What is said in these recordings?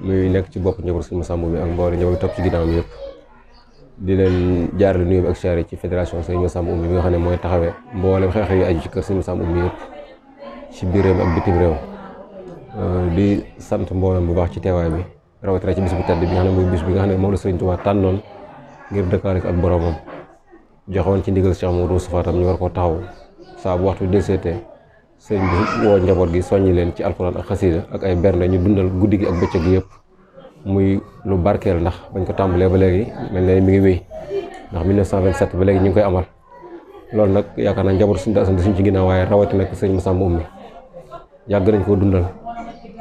muy nek ci bop njaboot sëñ sambu bi ak mboole ñëw top ci ginnaaw yépp di leen lu nuyu ak siyaare ci fédération sëñ Massamba Oumy bi nga xamné moy taxawé mbolé xex xeex yu ci kër sëñ sambu bi ci biir ak bitim réew euh, di sante mboolem bu baax ci téway bi ra ci bisbu tedd bi nga xamné moy mooy bis bi nga xamné ne moom la sëriñ Tuubaa tànnoon ngir dakar ak boromam joxoon ci ndigal Cheikh Moudou Moustapha ñu war ko taxaw sa bu waxtu DCT sëñ bi wo njabot gi soñi len ci alcorane ak khasida ak ay bernde ñu dundal guddigi ak bëccëg gi yëpp muy lu barkel ndax bañ ko tàmbalee ba légui mel na mi ngi wéy ndax 1927 ba légui ñu koy amal lool nak yaakaar naa njaboot suñu daal suñu ci ginnaaw waaye rawati nak sëñ Massamba Oumy yàgg nañ ko dundal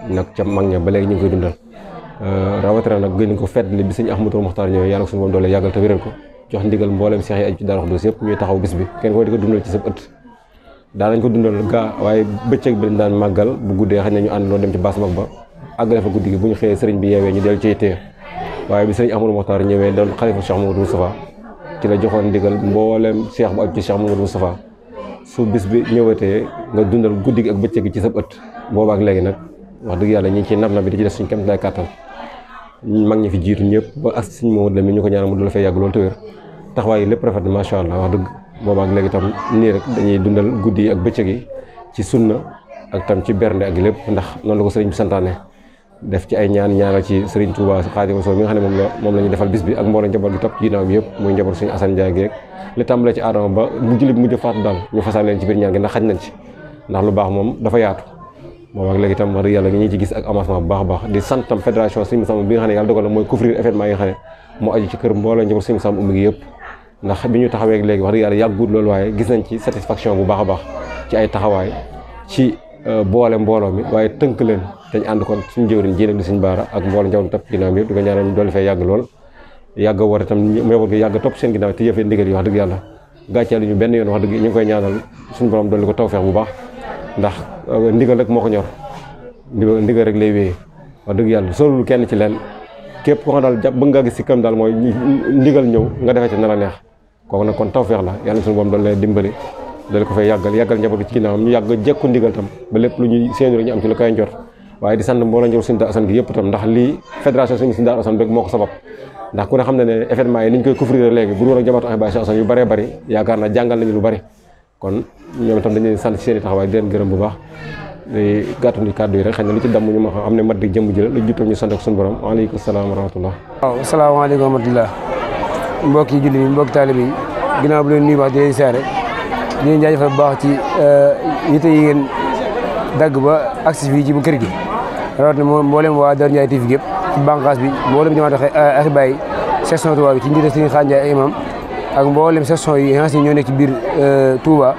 nak ca magña ba légui ñu koy dundal euh rawati nak gën ko fédli bi sëñ Ahmadou Mokhtar ñëwee yàlla ko suñu mom doole yàggal ta wërël ko jox ndigal mbolam cheikh ay aju ci Daaru dos yëpp ñuy taxaw bis bi kene ko diko dundal ci sa ëtt daanañ ko dundal gaa waaye bëccëg bi dañ daan màggal bu guddee xañ na ñu àndandoo dem ci baas mag ba àggale fa guddi gi bu ñu xëyee sëriñ bi yeewee ñu dellu ci tée waaye bi sëriñ Amadou Mokhtar ñëwee doon xalifa Cheikh Mamadou Moustapha ci la joxoon ndigal mbooleem cheikh bu aj ci Cheikh Mamadou Moustapha su bis bi ñëwatee nga dundal guddi gi ak bëccëg gi ci sa ëtt ak léegi nag wax dëgg yàlla ñi ngi ciy nab na bi di ci def suñ kam lay kàttan mag ñi fi jiitu ñëpp ba ak suñ Mamadou la mi ñu ko ñaanal mu dul fay yàgg loolu te taxawaay lépp rafet na macha allah dëgg boba ak legi tam ni rek dañuy dundal guddi ak bëccëg yi ci sunna ak tam ci bernde ak lepp ndax non la ko serigne bi santaane def ci ay ñaan ñaanal ci serigne Touba khadim so mi nga xamne mom la mom lañu defal bis bi ak mboolem njaboot bi top ci naam yépp moy njaboot serigne Assane Ndiaye geeg li tambalé ci adam ba mu jullit mu faatu dal ñu fasal leen ci bir ñaan gi ndax xaj nañ ci ndax lu baax mom dafa yaatu moom ak legi tam wax dëgg yàlla ñu ci gis ak amassement bu baax baax di santam tam fédération Sëriñ Massamba bi nga xamne yalla dogal moy couvrir événement yi nga xamne mo aji ci kër mbolo njaboot serigne sam umu gi yépp ndax bi ñu taxawee léegi wax dëgg yàlla yàggut loolu waaye gis nañ ci satisfaction bu baax a baax ci ay taxawaay ci euh, boole mbooloo mi waaye tënk leen dañ ànd kon suñu jëwriñ ji nag di suñ baara ak mbooloo njaw topp ginnaaw mi yëpp di ko lool yàgg war itam njaboot gi yàgg topp seen ginnaaw te jëfee wax dëgg yàlla gàccee ñu benn yoon wax dëgg ñu ngi koy ñaanal suñu borom doole ko tawfeex bu baax ndax euh, ndigal rek moo ko ñor ndigal rek lay wéyee wax dëgg yàlla solul kenn ci leen képp ko xam daal jàpp bëgg nga gis si kam daal mooy ndigal ñëw nga defee ci na la neex ko nag kon tawfer la yalla sun bom do lay dimbali dal ko fay yagal yagal njaboot ci ginaam ñu yag jekku ndigal tam ba lepp lu ñu seenu ñu am ci lu kay njort waye di sant mbooloo njëw sun da Assane gi yep tam ndax lii fédération sun Daaru Assane rek moo ko sabab ndax ku ne xam ne evenement yi niñ koy couvrir legi bu wona ak ay Baye Cheikh Assane yu bare bare yaakar na jangal nañu lu bare kon ñoom itam dañuy sand ci seen i taxawaay di leen gërëm bu baax di gàttu ni kàddu yi rek xëy lu ci damm ñu ma xam am ne mat di jëmm ji la lu jiitam ñu sant ak suñu borom alaykum assalam wa rahmatullah wa assalamu alaykum wa rahmatullah mbok yi julli mbok talibi ginaaw bu len bi leen nuyu baax di leen saare di leen jaajëfal bu baax ci euh yite yi ngeen dag ba access fii ci bu kër gi rawat na mboolem wa dar ñay TV gep ci bankas bi mboolem jamaat Ahiba euh, bay section Touba bi ci ndir Serigne Xaaj Ndiaye imam ak mboolem section yi nga ñoo nek ci bir euh Touba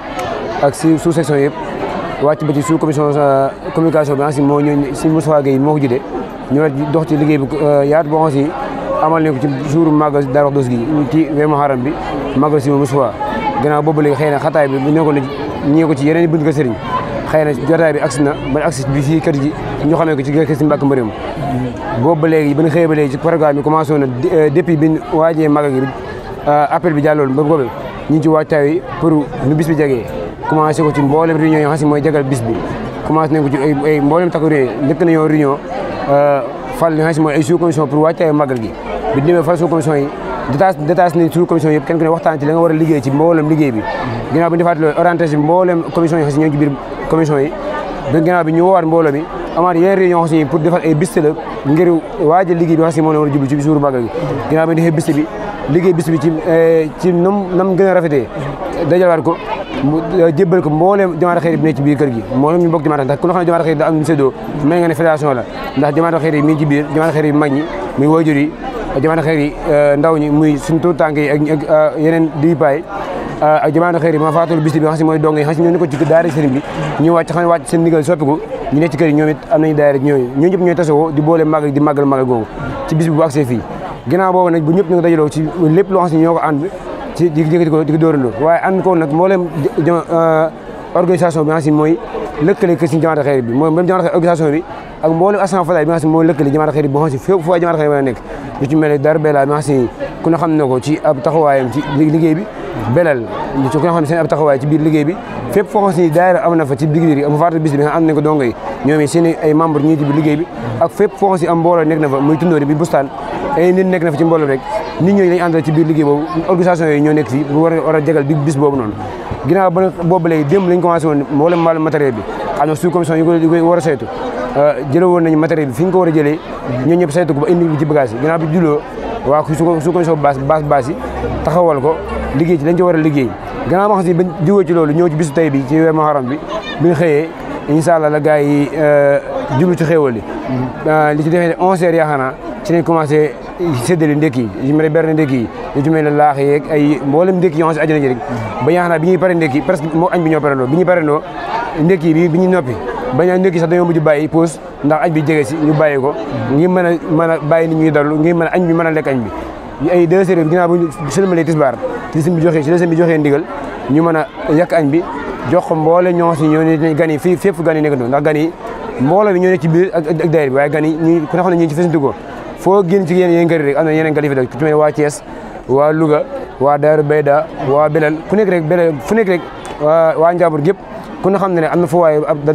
ak ci sous section yep wacc ba ci sous commission euh, communication bi nga mo ñoo ci ñëw si Moustapha Gueye moo ko jidee ñu dox ci liggéey bu euh, yaat bo xam amal nañ ko ci jour màggal Daaru Xudoos gi ci weeru Muharram bi maga si Moussa gannaaw boobu léegi xëy na xataay bi bu nekkoon ne ñee ko ci yeneen bunt ko sëriñ xëy na jotaay bi agsi na ba agsi bi fii kër ji ñu xamee ko ci kër si Mbàkke Mbërëm boobu ba léegi ba ñu xëyee ba léegi ci programme bi commencé na euh, depuis bi ñu waajee màggal gi euh, appel bi jàlloon ba boobu ñu ci waajtaay yi pour bi bis bi jegee commencé ko ci mboolem réunion yi nga si mooy jagal bis bi commencé nañ ko ci ay mboolem takku réunion njëkk nañoo réunion euh, fal li nga xam si mooy ay sous gi bi ñu demee fay commission yi détaché détaché nañ commission yëpp kenn ku waxtaan ci la war a liggéey ci mboolem liggéey bi ginnaaw bi ñu defaat loolu orienté commission yi xasi ñoo commission yi bi ginnaaw bi ñu woowaat mbooloo mi amaat yeneen réunion xasi pour defal ay biste la ngir waajal liggéey bi xasi moom la war a ci bi ci euh, ci nam nam gën a rafetee dajalaat ko euh, jébbal ko mbooleem xeer bi nekk ci kër gi mbooleem da am ñu séddoo mel mi ngi ci biir jamaano xeer yi eh, ndaw ñi muy suñu tuut tànk yi yeneen di paay eh, ak jamaano xeer yi ma faatul bis bi nga mooy dong yi xam si ñoo ni bi ñu wàcc xam ne wàcc seen ndigal soppiku ñu nekk ci kër di boole màggal di màggal màggal googu ci bis bi bu agsee fii ginnaaw boobu nag bu ñëpp ñu ko dajaloo ci lépp loo xam si ñoo ko ànd ci di jëkkati ko di eh, bi nga mooy lëkkale kër si jamaata xeer bi mooy mboolem jamaata xeer organisation bi ak mboolem association Fadaay bi nga xam nekk lu ci mel ne Dar Belal Maasé ku ne xam ko ci ab taxawaayam ci liggéey bi Belal ci ku ne xam ne seen ab taxawaay ci biir liggéey bi fépp foo xam si daayira am na fa ci biir liggéey bi bu faata bis ne ko dongo yi ñoom it seen ak fépp foo xam am mbooloo nekk na fa muy tundóori bi bustaan ay nit nekk na ci mbooloo rek nit ñooñu nekk fii bu war a war a jagal bi bis boobu noonu ginnaaw ba boobu léegi démb lañ commencé woon mboolem wàllu bi am na sous commission yu ko war saytu Euh, jële woon nañu matériel bi fi ñu ko war a jëlee ñoo ñëpp saytu ko ba indi ci bagage yi ginnaaw bi juloo waa ko su ko baas baas baas taxawal ko liggéey ci lañ ci war a liggéey gannaaw ma xam si bañ jógee ci loolu ñëw ci bisu tey bi ci weer Muharram bi bi ñu xëyee incha allah la gars yi euh, jublu ci xéewal yi euh, li ci defee onze heures yaa xanaa ci lañ commencé séddale yi li ci mel ne berne yi li ci mel ne laax yeeg ay mboolem ndékki yoo xam si àjjana ji rek ba yaa xanaa bi ñuy pare ndékki presque moo bi ñoo pare loo bi ñuy pare loo bi ñu noppi bañ a nekk sax dañoo mujj bàyyi pause ndax añ bi jege si ñu bàyyi ko ñu mën a mën a bàyyi nit ñuy dallu ngir mën a añ bi mën a lekk añ bi ñu ay deux heures ginnaaw bu ñu sëlmalee tisbaar ci sëñ bi joxee ñu mën a yàq añ bi jox ko mboole ñoo si ñoo ne gan yi fii fépp gan nekk ndax gan yi mbooloo bi ñoo ne ci biir ak daayir bi waaye gan yi ñu ku ne xam ne ñu ci foo génn ci yéen yéen kër rek am na yeneen gan yi ci mel waa Thiès waa Louga waa Daaru Bayda waa Belal ku nekk rek Belal fu nekk rek waa Njaambur gépp kon ne xam ne ne am na fa waaye ab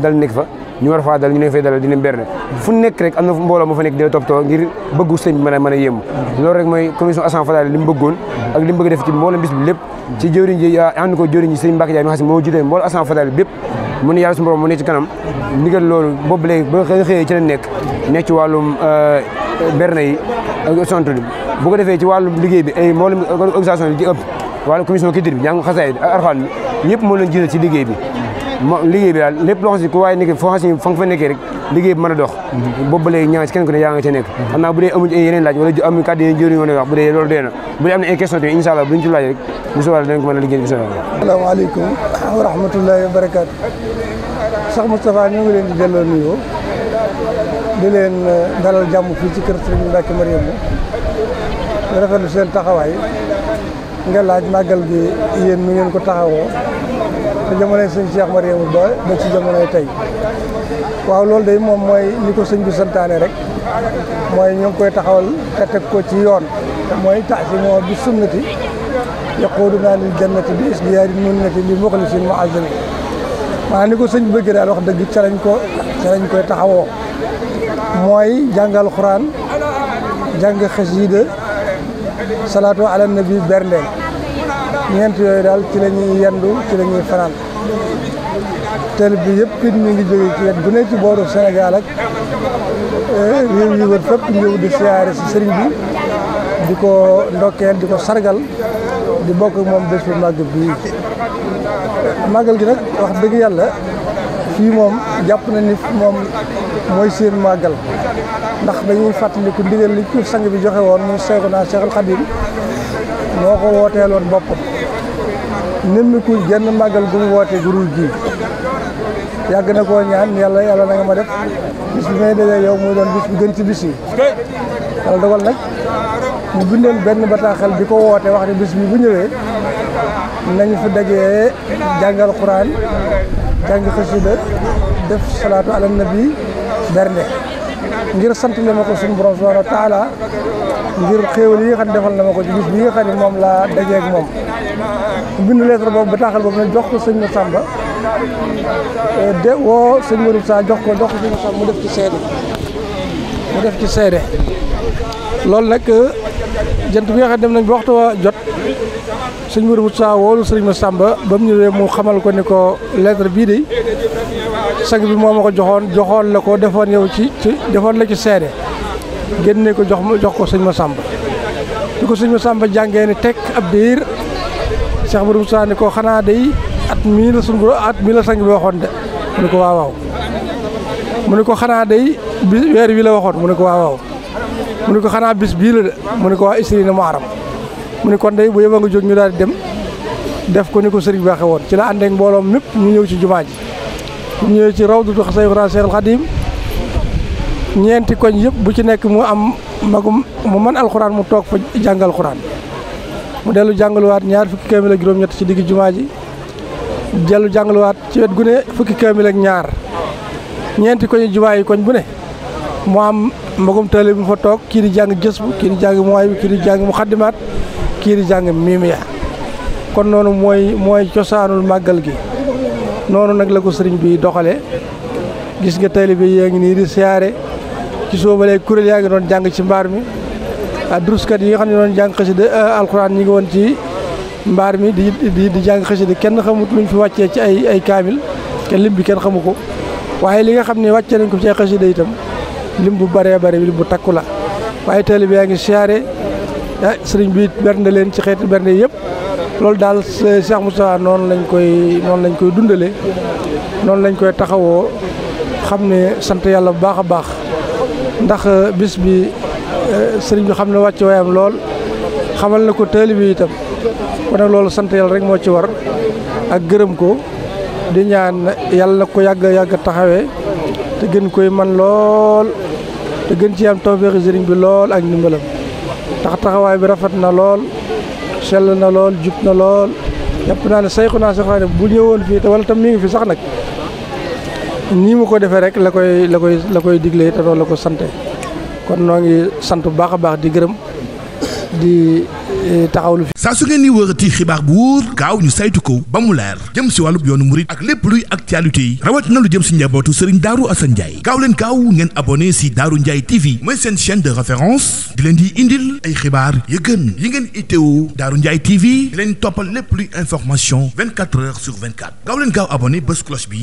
dal nekk fa ñu war faa dal ñu ne fay dalal fu nekk rek am na mbooloo moo fa nekk dina toppatoo ngir bëggu sëñ bi mën a mën a rek mooy commission Assane Fadal li mu bëggoon ak li mu bëgg def ah, moo jiite mbooloo Assane Fadal bi bépp mu ne yàlla suñu borom mu ne ci kanam ci la nekk nekk ci wàllum euh, berne yi ak bu ko defee ci wàllum liggéey bi ay mbooloo organisation yi ci ëpp wala commission culture bi jàng xasaay arxaan ñëpp moo leen jiital ci liggéey bi liggéey bi daal lépp loo xam si waaye nekk foo xam si fa nga nekkee rek liggéey bi mën a dox mhm. boobu ba léegi ñaa si kenn ku ne yaa nga ca nekk mhm. xam bu dee amuñ ay yeneen laaj wala amuñ bu dee loolu doy na bu dee am na ay question tamit incha bu ñu ci laaj rek bu soobee dinañ ko mën a liggéey bi incha allah asalaamaaleykum wa rahmatullahi wa barakaatu sax Moustapha ñu ngi leen di delloo nuyoo di leen uh, dalal jàmm fii ci kër Serigne Mbacke Mariam rafetlu seen taxawaay nga laaj màggal gi yéen nu ngeen ko taxawoo te jamonoy sëñ Cheikh Mariama Ba ba ci jamonoy tey waaw loolu day moom mooy ni ko sëñ bi santaane rek mooy ñu ngi koy taxawal te teg ko ci yoon mooy te mooy taasimoo bi sunnati yaquudunaa lil jannati bi isdiyaari munnati li muxlisin muazzamin maanaam ni ko sëñ bi bëgg daal wax dëgg ca ko ca koy taxawoo mooy jàngal xuraan jàng xasiida salaatu ala nabi berndeel ñeent yooyu daal ci lañuy ñuy yendu ci lañuy ñuy fanaan tel bi yëpp it mi ngi jóge ci wet bu ne ci booru Sénégal ak eh, réew yi wër di siyaare si sëriñ bi di ko ndokkeel di ko sargal di bokk moom bés bu màgg bii màggal gi nag wax dëgg yàlla fii moom jàpp na ni moom mooy seen màggal ndax dañuy fàttaliku ndigal li ci sang bi joxe woon mu Seexuna Seexul Xadim moo ko wooteeloon boppam nemmikul genn magal gum wote woote gurul ji yag na ko ñaan yalla yalla na nga ma def bis bi may dege yow muy don bis bi gën ci bis yi yàlla dogal nak mu bindel benn bataaxal di ko woote wax ni bis bi bu ñewé nañu fi dajee jangal qur'an jang khassida def salatu ala nabi bernde ngir sant le ma ko suñu borom subhanahu wa taala ngir xéewal yi xam ne defal na ma ko ci bi nga xam ne moom laa dajeeg moom bind lettre boobu ba taaxal boobu ne jox ko sëñ Samba de woo sëñ Mourou saa jox ko jox ko sëñ Samba mu def ci seede mu def ci seede loolu nag jant bi dem nañ ba waxtu wa jot sëñ Mourou Sa woolu sëñ Samba ba mu ñëwee mu xamal ko ni ko lettre bii de sang bi momako joxone ko lako defone la ko yow ci defone la ci seede genné ko jox jox ko seigne Massamba diko seigne sëñ Massamba jàngee ni tek ab bir Cheikh Modou Moussa ni ko xana day at mi la sunu at mi la sang bi waxone de mu ko waaw waaw mu ne ko xanaa day bi wi la waxone mu ne ko waaw waaw mu ne ko xanaa bis bi la de mu ne ko waa Isri na mu aram mu ne kon day bu yewanga jog ñu daal dem def ko ni ko sëriñ bi waxee ci la ak mbolom mepp ñu ñew ci jumaaji ji suñ ñëwee ci raw du xasee Ibrahima Cheikh Alxadim ñeenti koñ yëpp bu ci nekk mu am magum mu mën alxuraan mu toog fa jàng alxuraan mu dellu jàngaluwaat ñaar fukki kaamil juróom-ñett ci digg jumaa ji dellu jàngaluwaat ci wet gu ne fukki kaamil ak ñaar ñeenti koñu jumaa yi koñ bu ne mu am magum tële mu fa toog kii di jàng jës bu kii di jàng mooy bi kii di jàng mu xaddimaat kii di jàng miimiya kon noonu mooy mooy cosaanul màggal gi noonu nag la ko sëriñ bi doxalee gis nga taalibe yaa ngi nii di siyaare ci soobalee kuréel yaa ngi doon jàng ci mbaar mi duruskat yi nga xam ne doon jàng xasida euh, alxuraan ñi nga woon ci mbaar mi di di di jàng xasida kenn xamut luñ fi wàccee ci ay ay kaamil te lim bi kenn xamu ko waaye li nga xam ne wàccee nañ ko ci ay xasida itam lim bu bëree bëri lim bu takku la waaye taalibe yaa ngi siyaare ah sëriñ bi bernde leen ci xeeti bernde yëpp. loolu daal Cheikh Moustapha noonu lañ koy noonu lañ koy dundalee noonu lañ koy taxawoo xam ne sant yàlla bu baax a baax ndax euh, bis bi euh, sëriñ bi xam ne wàcc waayam lool xamal na ko taalibe bi itam kon nag loolu sant yàlla rek moo ci war ak gërëm ko di ñaan yàlla na ko yàgg yàgg taxawe te gën koy man lool te gën ci am tawféexi sëriñ bi lool ak ndimbalam tax taxawaay bi rafet na lool sell na lool jub na lool jàpp naa ne sayxu naa sax ne bu ñëwoon fii te wala tam mi ngi fi sax nag nii mu ko defee rek la koy la koy la koy digle te noonu la ko sante kon noo ngi sant bu baax a baax di gërëm di. taxawlu fi saa su ngeen di wërati xibaar bu wóor gaaw ñu saytu ko ba mu leer jëm si wàllub yoonu murit ak lépp luy actualité yi rawat na lu jëm si njabootu Serigne Darou Assane Ndiaye gaaw leen gaaw ngeen abonné si Darou Ndiaye TV mooy seen chaîne de référence di leen di indil ay xibaar yu gën yi ngeen itteewu Darou Ndiaye TV di leen toppal lépp luy information 24 heures sur 24 gaaw leen bés cloche bi